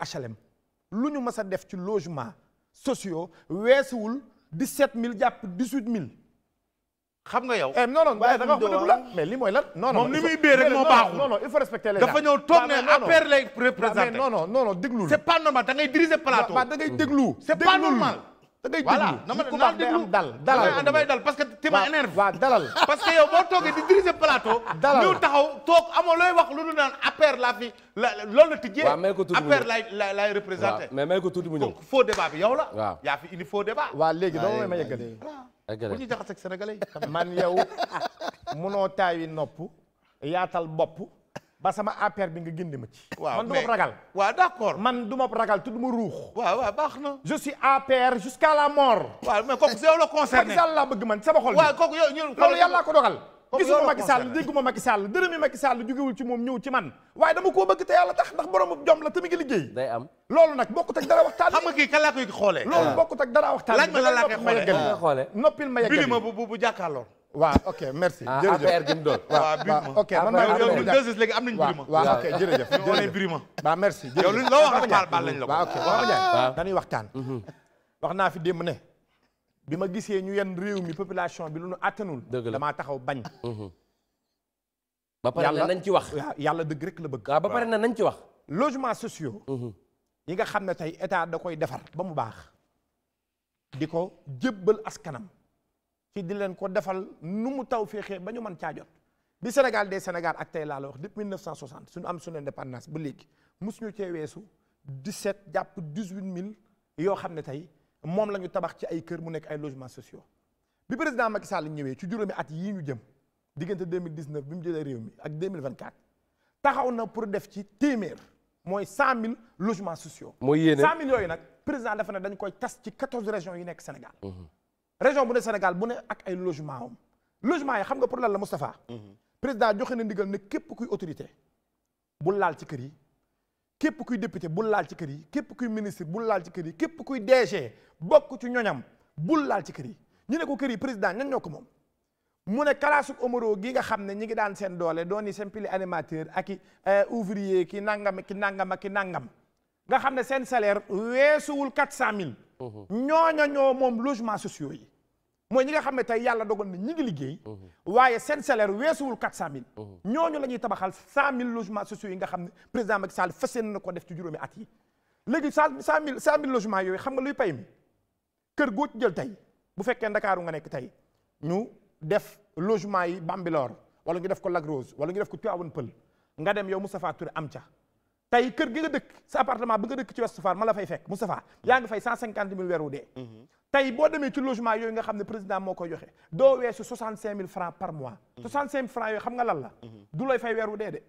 HLM lu ñu mës a def ci logement sociaux weesuwul 17000 jàpp 18000. xam nga yow. Eh, non non waaye da nga wax ma dëgg la mais li mooy lan. non non moom li muy bee rek moo baaxul. non il faut respecter les gens dafa ñëw toog ne affaire lay représenté. déglu. c'est pas normal da ngay diriger plateau. waaw da ngay déglu. c'est pas normal. da ngay déglu dama naan déglu dal dalal damay dal que ti ma énerve waaw dalal parce que di diriger plateau dalal ñu taxaw toog amoo looy wax lu dul naan affaire laa fi la loolu la tijjee waaw may ko tuuti affaire lay mais may ko tuuti mu ñëw donc faux débat bi yow la waaw yaa fi indi faux débat waaw léegi doo may ma yeggalee bu ñu jaxaseeg sénégalais man yow munoo taayi nopp yaatal bopp ba sama APR bi nga génne ma ci. waaw man du ma ragal. waaw d'accord man du ma ragal tudd ma ruux. waaw waaw baax na. je suis APR jusqu'à la mort. waaw mais kooku yow la concerné Macky bëgg man sama xol bi. waaw kooku yow ñun loolu yàlla ko dogal. gisuma Macky Sall dégguma Macky Sall dërëmi Macky Sall jógewul ci moom ñëw ci man waaye dama koo bëgg te yàlla tax ndax boromu jom la te mi ngi liggéey loolu nag bokkut ak dara waxtaan xam nga kii kan laa koy xoolee loolu bokkut ak dara waxtaan laaj ma la laa koy bu bu waaw ok merci ah, jërëjëf affaire gi mu doon. waaw waaw ok man maa yow ñun deux léegi am nañu birima. waaw ok jërëjëf jërëjëf birima. waaw merci jërëjëf yow luñ la wax rek baal baal lañ la ko. waaw ok waxama Ndiaye dañuy waxtaan. Mhm. wax naa fi démb ne. bi ma gisee ñu yenn réew mi population bi lu nu attanul. dëgg la damaa taxaw bañ. Mhm. ba pare na nañ ci wax yàlla yàlla dëgg rek la bëgg. waaw ba pare na nañ ci wax. logements sociaux. Mhm. yi nga xam ne tey état da koy defar ba mu baax. di ko jébbal askanam. ci di leen ko defal nu mu taw féexee ba ñu man caa jot bi Sénégal des Sénégal ak tey laa la wax depuis 1960 suñu am suñu indépendance ba léegi mus ñu cee weesu 17 jàpp 18000 yoo xam ne tey moom la ñu tabax ci ay kër mu nekk ay logements sociaux bi président Macky Sall ñëwee ci juróomi at yi ñu jëm diggante 2019 bi mu jëlee réew mi ak 2024 taxaw na pour def ci téeméer mooy 100000 logements sociaux. mooy yéene 100000 yooyu nag président dafa ne dañ koy tas ci 14 régions yi nekk Sénégal. Mhm. région bu ne Sénégal bu ne ak ay logement am logement yi xam nga pour lan la Moustapha mhm. président joxe na ndigal ne képp ku autorité bu laal ci kër yi képp kuy député bul laal ci kër yi képp kuy ministre bul laal ci kër yi képp kuy DG bokk ci ñoñam bul laal ci kër yi ñu ne ko kër yi président ñan ñoo ko moom mu ne kalaasuk Omaro gi nga xam ne ñi ngi daan seen doole doon yi seen pili animateur ak i euh, ouvrier ki nangam ki nangam ak nangam nga xam ne seen salaire weesuwul quatre cent mille ñooña ñoo moom logement sociaux yi mooy ñi nga xam ne tey yàlla dogal na ñi ngi liggéey waaye seen salaire weesuwul quatre cent mille ñooñu la ñuy tabaxal cent mille logements sociaux yi nga xam ne président Macky Sall fas yéene na ko def ci juróomi at yi léegi cent cent mille cent mille logements yooyu xam nga luy pay kër goo jël tey bu fekkee ndakaaru nga nekk tey ñu def logement yi Bambilor wala ñu def ko Lac Rose wala ñu def ko Tivaouane Peulh nga dem yow Moustapha Touré am ca tey kër gi nga dëkk sa appartement bi nga dëkk ci Ouest Foire ma la fay fekk Moustapha yaa ngi fay cent cinquante mille weer wu dee mhm. tey boo demee ci logement yooyu nga xam ne président moo koy joxe doo weesu soixante cinq mille francs par mois mhm. soixante cinq francs yooyu xam nga lan la mhm. du lay fay weer wu dee de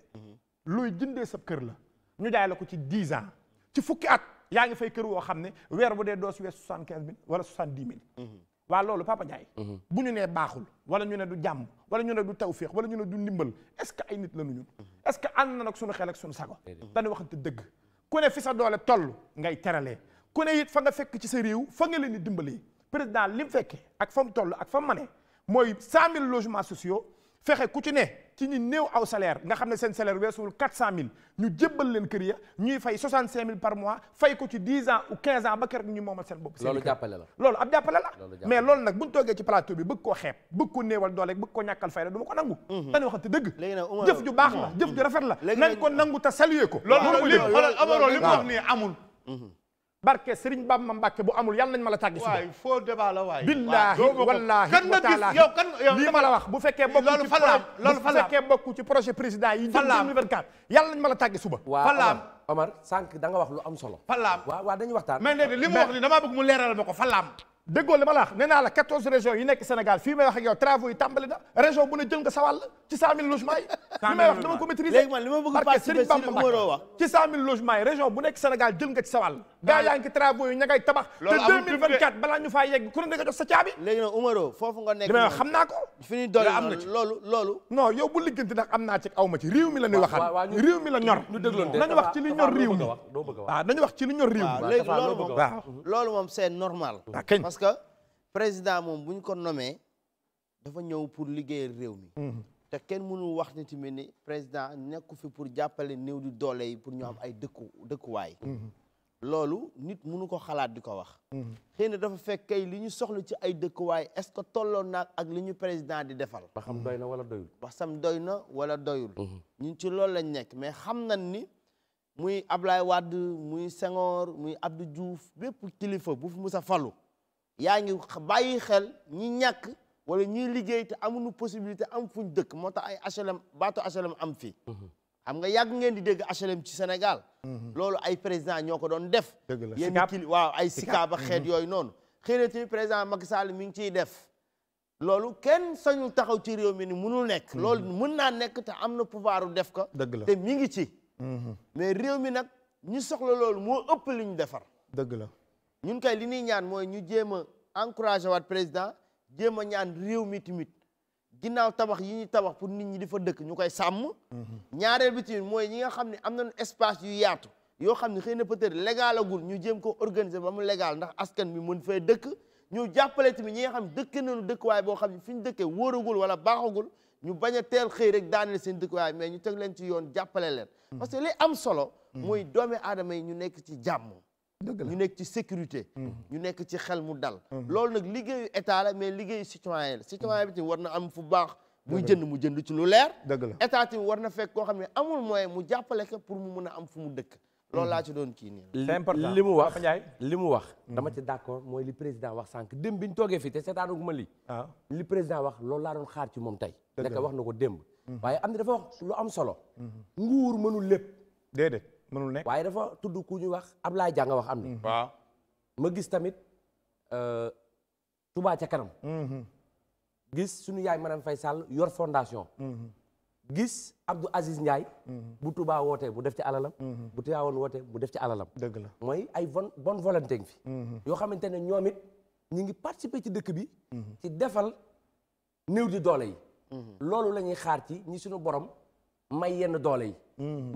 luy jëndee sa kër la ñu jaay la ko ci dix ans ci fukki at yaa ngi fay kër woo xam ne weer wu dee doo si weesu soixante quinze mille wala soixante dix waa loolu Papa Ndiaye mhm. bu ñu nee baaxul wala ñu ne du jàmm wala ñu ne du tawféex wala ñu ne du ndimbal est-ce que ay nit la ñu ñun mhm. est-ce que ànd na nag suñu xel ak suñu sago dañu waxante dëgg ku ne fi sa doole tollu ngay teralee ku ne it fa nga fekk ci sa réew fa nga leen di dimbalee président li mu fekkee ak fa mu toll ak fa mu mane mooy cent mille logements sociaux fexe ku ci ne ci ñi néew aw salaire nga xam ne seen salaire weesuwul quatre cent mille ñu jébbal leen kër ya ñuy fay soixante cinq mille par mois fay ko ci dix ans ou quinze ans ba kër ñu moomal seen bopp loolu jàppale la ab jàppale la mais loolu nag buñ ci plateau bi bëgg koo xeeb bëgg ko néewal doole bëgg ko ñàkkal fayda du ma ko nangu mhm. dañu waxante dëgg jëf ju baax la mhm. jëf ju rafet la nañ ko nangu te saluer ko loolu li Amaro nii amul mhm. barke Serigne Bamba Mbacke bu amul yàlla nañ ma la tàgg si. waay wa taala yow bu fekkee bokku ci projet président yi. falaam 2024 yàlla nañ ma la tàgg suba. falaam Omar sànq da nga wax lu am solo. falaam waaw waaw dañuy waxtaan. mais léegi li mu wax ni damaa mu leeral ma ko falaam. déggoo li ma naa la quatorze régions yi nekk Sénégal fii may wax dama ko maîtriser léegi man li ma bëgg participer ci Serigne région bu nekk Sénégal jël nga ci gaa yaa ngi travaux yi ña ngay tabax te 2024 balaa ñu faa yegg ku ne nga sa caabi léegi nag Umaro foofu nga nekk li may xam naa ko fi ñuy doon am na loolu loolu non yow bu ligganti nag am naa ci aw ma ci réew mi la ñuy waxal réew mi la ñor ah, nañu wax ci li ñor réew mi waaw nañu wax ci li ñor réew mi loolu moom waaw loolu moom c'est normal ah, parce que président moom bu ñu ko nommé dafa ñëw pour liggéeyal réew mi mm-hmm. te kenn mënu wax ni tamit ni président nekku fi pour jàppale néew di doole yi pour ñu am ay dëkku dëkkuwaay mm-hmm. loolu nit munu ko xalaat di ko wax. Mhm. xëy na dafa fekk kay li ñu soxla ci ay dëkkuwaay est-ce que tolloon naa ak li ñu président di defal. ba xam doy na wala doyul. ba xam doy na wala doyul. Mhm. ñun ci loolu lañ nekk mais xam nañ ni muy Ablaye Wade muy Senghor muy Abdou juuf bépp kilifa bu fi musa falu yaa ngi bàyyi xel ñi ñàkk wala ñuy liggéey te amuñu possibilité am fuñ dëkk moo tax ay HLM baatu HLM am fii. Mhm. am nga yàgg ngeen di dégg HLM ci Sénégal. Mhm. loolu ay président ñoo ko doon def. dëgg la yéen kili waaw ay sika ba xeet mhm. yooyu noonu. xëy na tamit président Macky Sall mi ngi ciy def. loolu kenn sañul taxaw ci réew mi ni munul nekk. Mhm. loolu mën naa nekk te am na pouvoir def ko. dëgg la mi ngi ci. mais réew mi nag ñu soxla loolu moo ëpp li ñu defar. dëgg la ñun kay li ñuy ñaan mooy ñu jéem a encouragé waat président jéem a ñaan réew mi tamit. ginnaaw tabax yi ñuy tabax pour nit ñi di fa dëkk ñu koy sàmm. ñaareel bi ci mooy ñi nga xam ne am nañu espace yu yaatu yoo xam ne xëy na peut-être légalagul ñu jéem ko organiser ba mu légal ndax askan bi mën fee dëkk. ñu jàppale tamit ñi nga xam dëkk nañu dëkkuwaay boo xam ne fi ñu dëkkee wóoragul wala baaxagul ñu bañ a teel xëy rek daaneel seen dëkkuwaay mais ñu teg leen ci yoon jàppale leen. parce que li am solo. Mm. mooy doome aadama yi ñu nekk ci jàmm. ñu nekk ci sécurité. Hmm. ñu nekk ci xel mu dal. Hmm. loolu nag liggéeyu état la mais liggéeyu citoyen citoyen bi hmm. tamit war na am fu baax. muy jënd mu jënd ci lu leer. dëgg la état tamit war na fekk koo xam ne amul moyen mu jàppale ko pour mu mun a am fu mu dëkk. loolu laa ci doon kii nii. c'est important li mu wax li mu wax. dama ci d'accord mooy li président wax sànq démb bi ñu toogee fii te seetaanaguma lii. Ah. li président wax loolu laa doon xaar ci moom tey. dëgg wax na ko démb. waaye am na dafa wax lu am solo. nguur mënul lépp déedéet. mënul nekk waaye dafa tudd ku ñu wax Ablaye Dia nga wax am na. Mhm. waaw ma gis tamit euh, Touba ca kanam. Mhm. gis suñu yaay Marème fay Sall yor fondation. Mhm. gis Abdou Aziz Ndiaye. bu Touba wootee mu def ci alalam. bu Tiwaawoon wootee mu def ci alalam. dëgg la mooy ay bon bonne volonté fi. yoo xamante ne ñoom it ñu ngi participer ci dëkk bi. ci defal néew di doole yi. loolu lañuy xaar ci ñi suñu borom may yenn doole yi.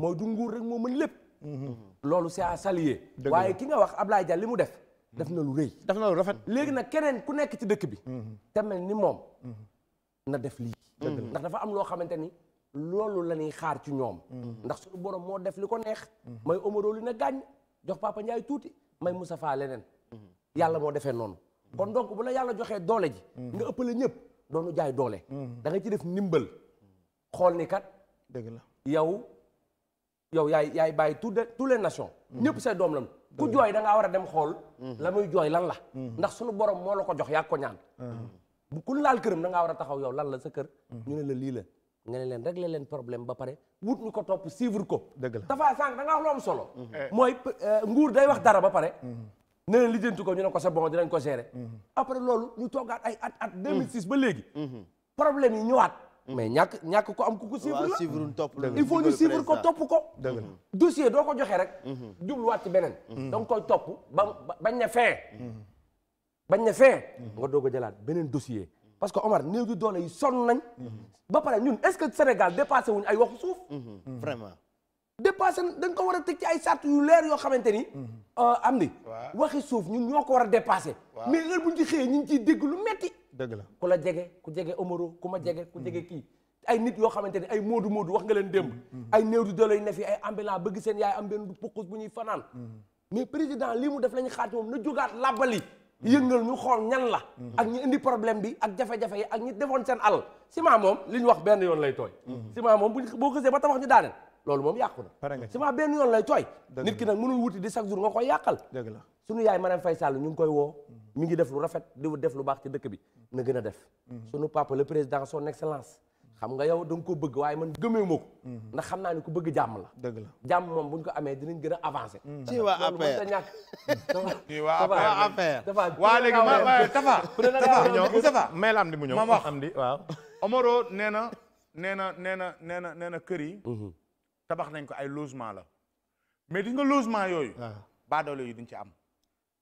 mooy du nguur rek moo mën lépp. Mm-hmm. loolu c'est à saluer waaye ki nga wax Ablaye Dia li mu def def na lu rëy def na lu rafet léegi nag keneen ku nekk ci dëkk bi mm-hmm. te mel ni moom mm-hmm. na def lii ndax dafa am loo xamante ni loolu la ñuy xaar ci ñoom ndax suñu borom moo def li ko neex may Omaro li na gàññ jox Papa Ndiaye tuuti may musa Moustapha leneen yàlla moo defee noonu kon donc bu la yàlla joxee doole ji nga la ñëpp doonu jaay doole da ci def ndimbal xool ni kat dëgg la yow yow yaay yaay bàyyi tout de tous les nations. ñëpp sa doom lañu. ku jooy da ngaa war a dem xool. Mm-hmm. la muy jooy lan la. Mm-hmm. ndax sunu borom moo la ko jox yaa ñaan. Mm-hmm. bu ku laal këram da ngaa war a taxaw yow lan la sa kër. ñu ne la lii la. nga ne leen régler leen problème ba pare wut ñu ko topp suivre ko. dëgg la dafa da nga wax lu am solo. Eh. mooy euh, nguur day wax dara ba pare. ne leen ko ñu ne ko c'est bon dinañ ko gérer. après loolu ñu toogaat ay at at. sis ba léegi. problème yi ñëwaat. Mm. mais ñàkk ñàkk ko am ku ko suivre la suivre topp il faut ñu suivre ko topp ko dossier doo ko joxee rek mm-hmm. jubluwaat ci beneen mm-hmm. danga koy topp ba bañ ne fin mm-hmm. bañ ne fin nga doog jëlaat beneen dossier parce que Omar néew di doole yi sonn nañ ba pare ñun est-ce que Sénégal dépassé wuñ ay waxu suuf vraiment dépassé dañ ko war a teg ay sart yu leer yoo xamante ni euh, am ni waxi suuf ñun ñoo ko war a dépassé mais heure buñ ci xëyee ñu ngi ciy dégg lu metti dëgg la ku la jege ku jege Omaro ku ma jege ku jege kii ay nit yoo xamante ne ay moodu moodu wax nga leen démb ay néew di doole yu ne fi ay ambulant bëgg seen yaay am benn pukkus bu ñuy fanaan mais président lii mu def lañu xaat moom na jógaat làbbali yëngal ñu xool ñan la ak ñu indi problème bi ak jafe-jafe yi ak ñi defoon seen alal ciment moom li ñu wax benn yoon lay tooy ciment moom buñ boo xësee ba tabax ñu daaneel loolu moom yàqu na ciment benn yoon lay tooy nit ki nag mënul wuti di chaque jour nga koy yàqal dëgg yaay Marième Faye Sall ñu ngi koy woo mi ngi def lu rafet di def lu baax ci dëkk bi na gën a def mhm. sunu papa le président son excellence xam nga yow da nga ko bëgg waaye man gëmee ma ko mhm. ndax xam naa ni ku bëgg jàmm la dëgg la jàmm moom buñ ko amee dinañ gën avancé ci mhm. waa APR ta ñàkk ci waa APR dafa waa léegi ma am di mu ñëw ma wax am di waaw Omaro nee na nee na nee na nee na nee na kër yi tabax nañ ko ay logement la mais di nga logement yooyu ah. baadoole yi duñ ci am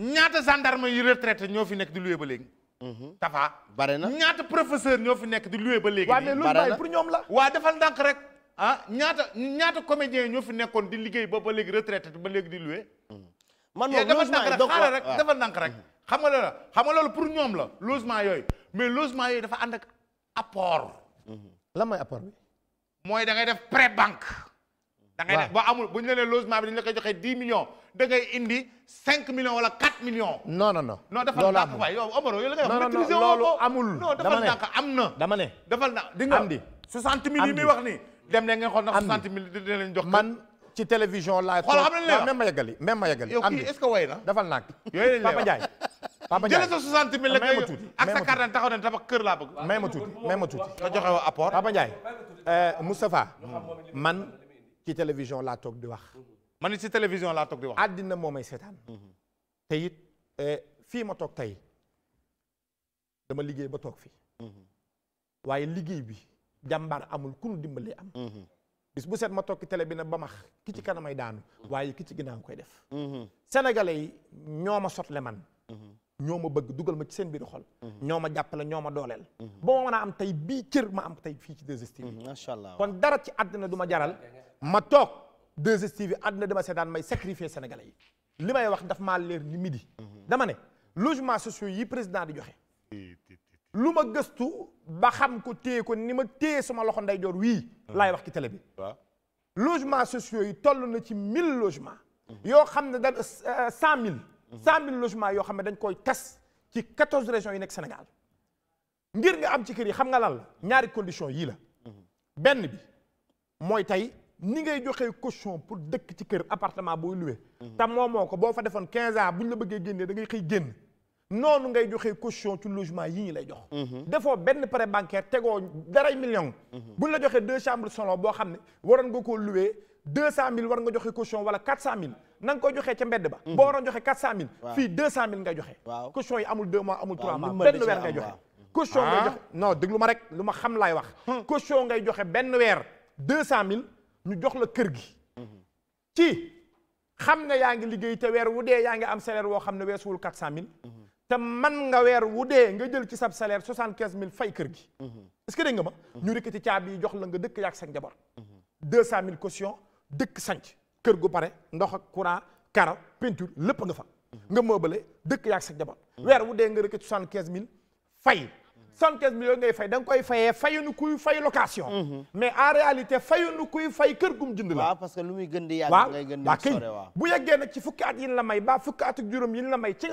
ñaata gendarme yi retraité ñoo fi nekk di loué ba léegi. Mhm. Tafa. na ñaata professeur ñoo fi nekk di loué ba léegi. bare pour ñoom la. waa defal ndànk rek ah ñaata ñaata comédien ñoo fi nekkoon di liggéey ba ba léegi retraité ba léegi di loué. Mhm. man eh, moom logement yi donc rek defal rek. Mhm. xam nga loolu la xam nga loolu pour ñoom la logement yooyu mais logement yooyu dafa ànd appoor apport. lan mooy bi. mooy da ngay def pré banque. da ngay ne boo amul bu ñu la nee logement bi dañu la koy joxe dix da ngay indi cinq millions wala quatre millions. non non non non defal ndànk waay yow la nga wax amul non defal ndànk am na dama ne defal na soixante mille yi muy wax dem ne ngeen xool soixante mille dina leen man ci télévision laay xool xam ma yeggali même yeggali yow kii est-ce que way na defal ndànk yooyu lañ Papa Ndiaye Papa Ndiaye jëlee sa soixante mille la ngay ak sa carte d'identité taxaw ne tabax kër laa bëgg may ma tuuti may ma tuuti ci télévision laa toog di wax. man ni ci télévision laa toog di wax. àddina moo may seetaan. te it e, fii ma toog tey dama liggéey ba toog fii waaye liggéey bi jàmbaar amul ku nu dimbalee am. bis bu set ma toog ci télé bi na ba max ki ci kanamay daanu. waaye ki ci ginnaaw koy def. sénégalais yi ñoo ma sotle man. ñoo ma bëgg dugal ma ci seen biir xol. ñoo ma jàppale ñoo ma dooleel. ba ma mën am tey bii cër ma am tey fii ci 2STV. macha allah kon dara ci àddina du ma jaral. ma toog 2STV àdduna dama seetaan may sacrifier sénégalais yi li may wax daf maa leer ni midi. dama ne logement sociaux yi président di joxe. lu ma gëstu ba xam ko téye ko ni ma téye sama loxo ndeyjoor wii. laay wax ci télé bi. waaw logement sociaux yi toll na ci 1000 logements. yoo xam ne dañ 100000. Euh, 100000 logements yoo xam ne dañ koy tas ci 14 région yi nekk Sénégal. ngir nga am ci kër yi xam nga lan la ñaari condition yii la. benn bi mooy tey ni ngay joxe caution pour dëkk ci kër appartement booy loué. te moomoo ko boo fa defoon 15 ans bu ñu la bëggee génnee da ngay xëy génn. noonu ngay joxee caution ci logement yi ñu lay jox. Mhm. defoo benn prêt bancaire tegoo daray million. Mhm. bu ñu la joxe deux chambres solo boo xam ne waroon nga koo loué deux cent mille war nga joxe caution wala quatre cent mille na nga ca mbedd ba. Mhm. boo waroon joxe quatre cent mille. fii deux cent mille ngay joxe. waaw caution yi amul deux benn weer ngay joxe. caution ngay ah. joxe non déglu ma rek lu ma xam laay wax. caution ngay joxe benn weer deux cent mille ñu jox la kër gi ci xam nga yaa ngi liggéey te weer wu dee yaa ngi am salaire woo xam ne weesuwul quatre cent mille te man nga weer wu dee nga jël ci sab salaire soixante quinze mille fay kër gi est-ce que dégg nga ma ñu rikk ci caabi jox la nga dëkk yaak sa njaboot deux cent mille caution dëkk sanc kër gu pare ndox ak courant karo peinture lépp nga fa nga meublé dëkk yaak sa njaboot mm. weer wu dee nga rekk ci soixante quinze mille fay 75 millions ngay fay da nga koy fayee fayuñu kuy fay location. Mhm. mais en réalité fayuñu kuy fay kër gum jënd la. waaw parce que lu muy gën di yàgg ngay gën di sore waaw bu yeggee nag ci fukki at yi la may ba fukki at ak juróom yi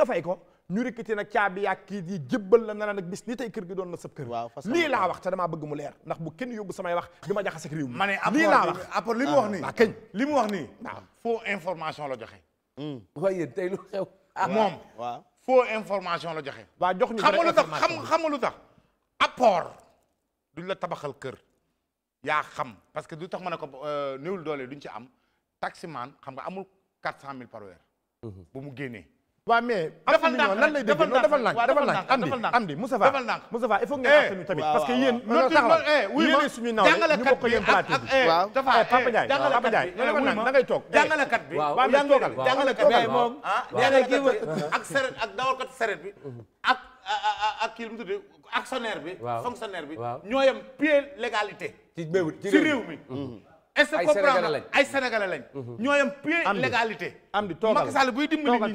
fay ko. ñu rikkati nag caabi yaa kii di jébbal la na nag tey kër gi doon na sëb kër lii laa wax te damaa bëgg mu leer ndax bu kenn yóbbu samay wax di ma jaxase ak réew mi ma ne lii laa wax apport li ah, wax nii waaw kañ li information la joxe mm. waaye yéen tey lu xew moom waaw information la joxe waa jox ñu xam nga lu tax xam nga lu tax apport duñ la tabaxal kër yaa xam parce que du tax ma ne ko euh, néewul doole duñ ci am maan xam nga amul quatre cent mille par mhm. bu mu génnee waa mais dafa ndànk lan lay dégg non dafa ndànk dafa ndànk Amdi Amdi Moussa Fall Moussa Fall il faut ngeen eh, ñu tamit parce que yéen loolu taxawal eh, yéen suñuy naaw ñu bokk yéen plateau bi eh, dafa toog jàngalekat bi waaw jàngalekat bi ah, ah, ak seret ak dawalkat seret bi mhm. ak ak kii lu actionnaire bi. waaw fonctionnaire bi. waaw ñoo yem légalité. ci ci réew mi. Mm-hmm. est-ce que comprendre lañ ay sénégalais lañ. Mm-hmm. ñoo yem pied légalité. am di toogal Macky Sall buy dimbali nit ñi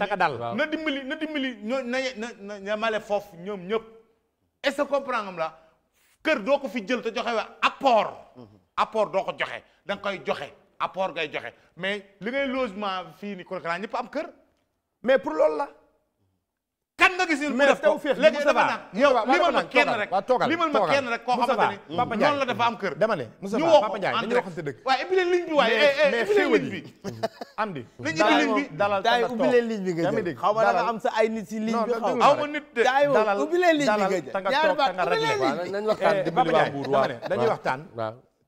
na dimbali na dimbali ñoo na na ñamale foofu ñoom ñëpp. est-ce la kër doo ko fi jël te joxe wa apport. Mm-hmm. apport doo ko joxe da nga koy joxe apport gay joxe mais li ngay logement fii nii Kolkata ñëpp am kër. mais pour loolu la. kan nga gisul mu def ko léegi dafa naan yow limal ma kenn rek limal ma kenn rek koo xamante ni noonu la dafa am kër dama ne Moussa Ba Papa Ndiaye dañuy waxante dëgg waaye eh, eh, bi bi am di nañ ubbi ligne bi dalal daay ubbi leen ligne nga jël xaw ma da nga am sa ay nit si ligne bi xaw ma nit de daay ubbi leen ligne nga jël ñaar baat ubbi leen ligne bi nañ eh, dama ne dañuy waxtaan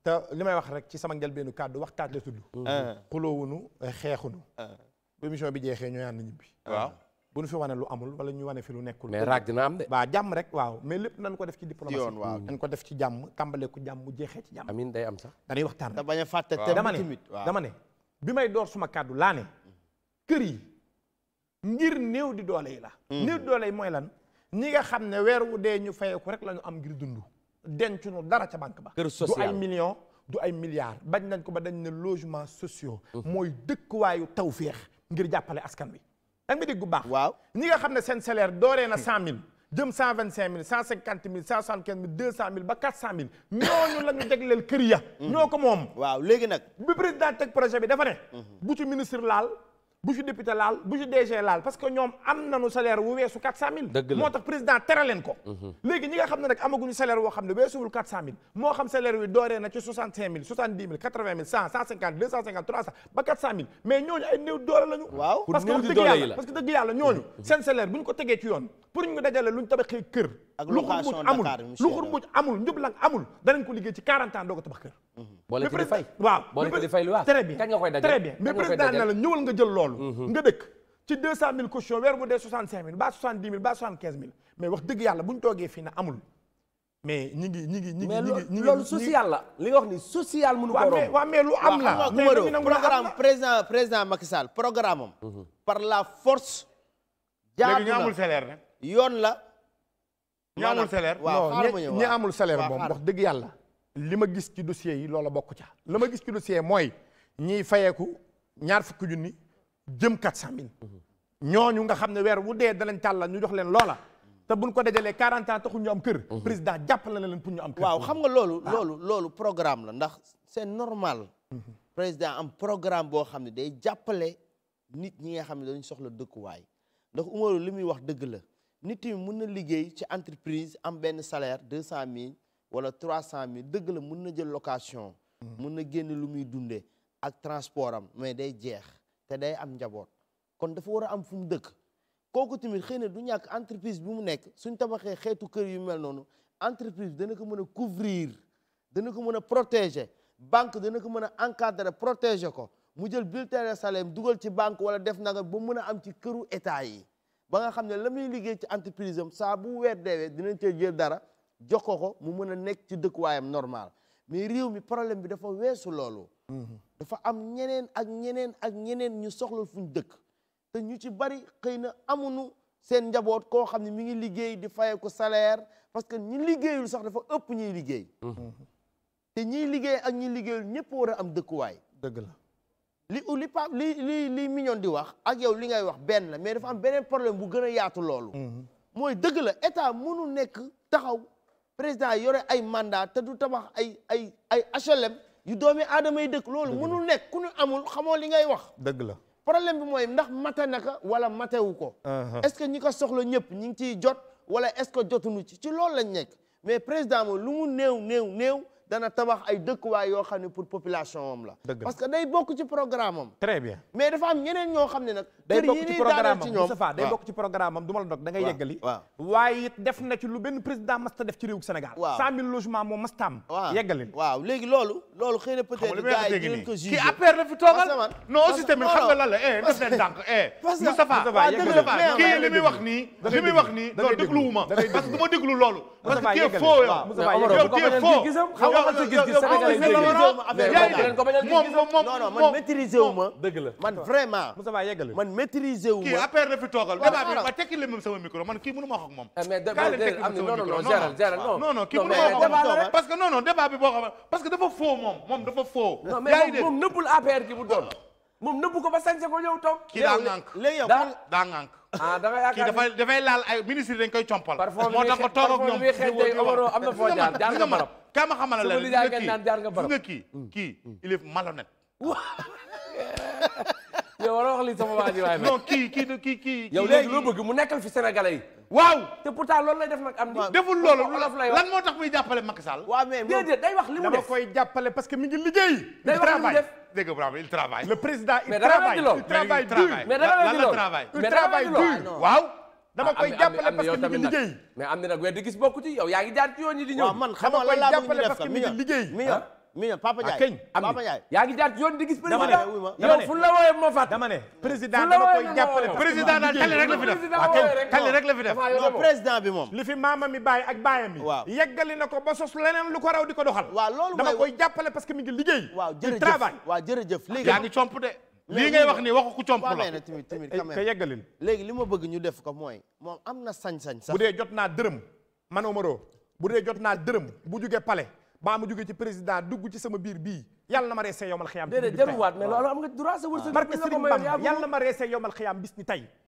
te li may wax rek ci sama njëlbeenu kàddu waxtaan la tudd mm. xuloowunu xeexunu émission bi jeexee ñoo na ñibbi bu ñu fi wane lu amul wala ñu wane fi lu nekkul. mais raag dina am de. waaw jàmm rek waaw mais lépp nañ ko def ci diplomatie. yoon waaw nañ ko def ci jàmm tàmbale ku jàmm jeexee ci jàmm. amiin day am sax. dañuy waxtaan da bañ a fàtte dama ne dama ne bi may door suma kàddu laa ne kër yi ngir néew di doole yi la. Hmm. néew di doole yi mooy lan ñi nga xam ne weer wu dee ñu fayeeku rek lañu am ngir dund. denc nu dara ca banque ba. kër social du ay millions du ay milliards bañ nañ ko ba dañ ne logement sociaux. Hmm. mooy dëkkuwaayu tawféex ngir jàppale askan wi da nga dégg bu baax. waaw ñi nga xam ne seen salaire dooree na cent mille. jëm cent vingt cinq mille cent cinquante mille cent soixante quinze mille deux cent mille ba quatre cent mille. ñooñu la ñu jagleel kër ya. Mm-hmm. ñoo ko moom. waaw léegi nag. bi président teg projet bi dafa ne. Mm-hmm. bu ministre laal. bu ci député laal bu ci DG laal parce que ñoom am nañu salaire wu weesu moo tax président tere ko. Mhm. léegi ñi nga xam ne nag amaguñu salaire woo xam ne moo xam salaire wi dooree na ci 65000 70000 80000 100 150 250 300 ba 400000 mais ñooñu ay néew doole lañu. waaw parce que dëgg yàlla parce que dëgg yàlla ñooñu. Mhm. seen salaire bu ñu ko tegee ci yoon pour ñu dajale lu ñu tabaxee kër. kër. Mhm. boole ci di fay waaw boole ci di fay lu waaw très bien kañ nga koy dajal très mais président na la ñëwal nga jël loolu mm-hmm. nga dëkk ci deux cent mille caution weer bu dee soixante cinq mille ba soixante dix mille ba soixante quinze mille mais wax dëgg yàlla bu ñu na amul mais ñi ngi ñi li nga wax ni social mënu ko romb waaw mais lu am la programme président président Macky Sall programme am mm-hmm. par la force jaadu na léegi ñu amul salaire nag yoon la ñu amul salaire waaw ñi amul salaire moom wax dëgg yàlla li ma gis ci dossier yi loola bokk ca la ma gis ci dossier mooy ñiy fayeeku ñaar fukki junni jëm kat cent ñooñu nga xam ne weer wu dee danañ tàllal ñu jox leen loola te buñ ko dajalee 40 ans taxul ñu am kër mhm. président jàppale na leen pour ñu am kër waaw xam nga loolu loolu loolu programme la ndax c'est normal mhm. président am programme boo xam ne day jàppale nit ñi nga xam ne dañu soxla dëkkuwaay ndax Umaru li muy wax dëgg la nit yi mun na liggéey ci entreprise am benn salaire deux cent mille wala trois cent mille dëgg la mun na jël location. mun mm-hmm. na génn lu muy dunde ak transport am mais day jeex te day am njaboot kon dafa war a am fu mu dëkk. kooku tamit xëy na du ñàkk entreprise bi mu nekk suñ tabaxee xeetu kër yu mel noonu entreprise dana ko mën a couvrir dana ko mën a protéger banque dana ko mën a encadrer protéger ko mu jël bulletin de salaire dugal ci banque wala def nanga ba mën a am ci këru état yi ba nga xam ne la muy liggéey ci entreprise am saa bu weer deewee dinañ cee jël dara jox ko ko mu mën a nekk ci dëkkuwaayam normal mais réew mi problème bi dafa weesu loolu. Mhm. dafa am ñeneen ak ñeneen ak ñeneen ñu soxla fuñ dëkk. te ñu ci bari xëy na amuñu seen njaboot koo xam ne mu ngi liggéey di faye ko salaire parce que ñu liggéeyul sax dafa ëpp ñuy liggéey. Mhm. te ñiy liggéey ak ñi liggéeyul ñëpp war a am dëkkuwaay. dëgg la li li li li li Mignon di wax ak yow li ngay wax benn la mais dafa am beneen problème bu gën a yaatu loolu. Mhm. mooy dëgg la état mënu nekk taxaw. président yore ay mandat te du tabax ay ay ay HLM yu doomi aadama yi dëkk loolu mënul nekk ku ñu amul xamoo li ngay wax dëgg la problème bi mooy ndax mate naka wala matewu ko uh-huh. est-ce que ñi ko soxla ñëpp ñi ngi ciy jot wala est-ce que jotuñu ci ci loolu lañ nekk mais président moom lu mu néew néew néew dana tabax ay dëkkuwaay yoo xam ne pour population am la. parce que day bokk ci programme am. très bien mais dafa am ñeneen ñoo xam ne nag. day bokk ci programme am Moustapha day bokk ci programme la dog da ngay yeggali. waaye it def na ci lu benn président masta def ci réew Sénégal. waaw 100000 logements moom am. yeggali waaw léegi loolu. loolu xëy na peut-être gars yi dinañ ko jugé. kii APR fi toogal non aussi tamit xam nga lan la eh def leen dànk eh. Moustapha loolu dégluwuma parce foo yow yow foo waxal sa gis-gis moom man maîtriser wu ma. man vraiment. Moussa Ba yeggale man maîtriser wu ma. kii affaire la fi toogal débat bi ma tekki leen sama micro man kii mënu ma wax moom. Eh, mais déedéet am na non non non kii mënu ma wax moom parce que non bi boo xam parce que dafa faux moom moom dafa faux. yaa ngi dégg non mais moom nëbbul APR gi moom nëbbu ko ba sañse ko ñëw toog. kii daa ŋànk léegi yow daa ŋànk. ah da ngay yaakaar dafay dafay laal ay ministre dañ koy compal. moo tax nga toog ak ñoom am na foo jaar jaar nga marab. kaa ma xamal la leen nga kii nga kii kii il est malhonnête. yow war a wax lii sama waa ji waaye non kii kii kii kii yow léegi loo bëgg mu nekkal fi sénégalais yi waaw te pourtant loolu lay def nag am di deful loolu lan moo tax muy jàppale Macky Sall waaw mais déedéet day wax li mu def dama koy jàppale parce que mi ngi liggéey day wax li mu def dégg nga bravo il travaille le président il travaille il travaille dur mais dara la travaille il travaille dur waaw dama ah, koy jàppale parce que mi ngi liggéey mais am na nag weer di gis bokku ci yow yaa ngi jaar ci yoon yi di ñëw man xam nga la la mi ngi def parce que mi ngi liggéey ah? million Papa ah, Ndiaye Papa Ndiaye yaa ngi jaar yoon di gis président yow fu la wooyee moo fàtt président dama koy jàppale président daal tali rek fi def ah, tali rek la fi moom li fi mi bàyyi ak ko ba sos leneen lu ko raw di ko doxal waaw loolu dama koy jàppale parce que mi ngi liggéey waaw jërëjëf travail waaw jërëjëf léegi yaa ngi comp de lii ngay wax nii waxu ku comp la timit timit ka yeggalil léegi li ma bëgg ñu def ko mooy moom am na sañ-sañ sax bu jot naa dërëm man Omaro bu dee jot naa dërëm bu jugee pale baa ma jógee ci président dugg ci sama biir bii yàlla na ma reesee yomal xiyaam. déedéet jëruwaat mais loolu am nga droit sa wërsëg. barke Sëriñ Bamba yàlla ma reesee yomal xiyaam bis ni tey